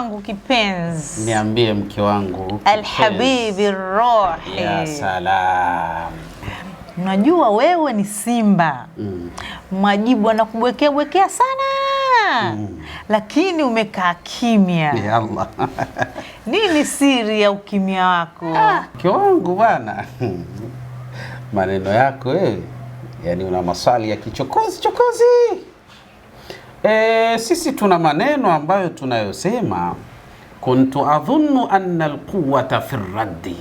wangu kipenzi, niambie mke wangu alhabibi rohi, ya salam, Unajua wewe ni simba mm. Majibu anakubwekea bwekea sana mm. Lakini umekaa kimya Allah. Nini siri ya ukimya wako? Ah, mke wangu bana maneno yako eh, yani una maswali ya kichokozi chokozi E, sisi tuna maneno ambayo tunayosema kuntu adhunnu anna alquwwata fi raddi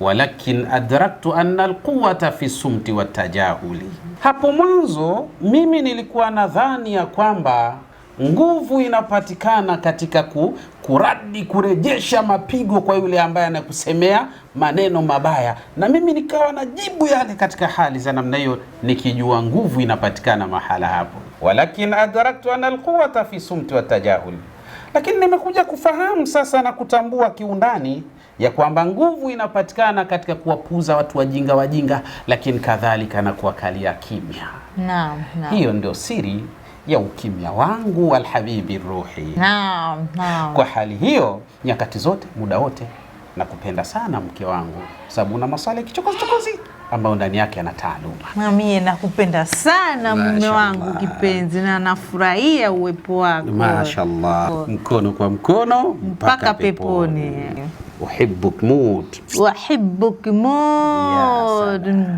walakin adraktu anna alquwwata fi sumti watajahuli. Hapo mwanzo mimi nilikuwa nadhani ya kwamba nguvu inapatikana katika ku, kuradi kurejesha mapigo kwa yule ambaye anakusemea maneno mabaya, na mimi nikawa na jibu yale katika hali za namna hiyo, nikijua nguvu inapatikana mahala hapo walakin adraktu ana alquwata fi sumti wa tajahul, lakini nimekuja kufahamu sasa na kutambua kiundani ya kwamba nguvu inapatikana katika kuwapuza watu wajinga wajinga, lakini kadhalika na kuwakalia kimya. Naam, naam. Hiyo ndio siri ya ukimya wangu walhabibi ruhi. Naam, naam. Kwa hali hiyo, nyakati zote, muda wote nakupenda sana mke wangu, sababu una maswali ya kichokozi chokozi ambayo ndani yake ana taaluma. Mamie, nakupenda sana mume wangu kipenzi, na nafurahia uwepo wako. Mashaallah, mkono kwa mkono mpaka, mpaka peponi. Uhibbuk mut, uhibbuk mut.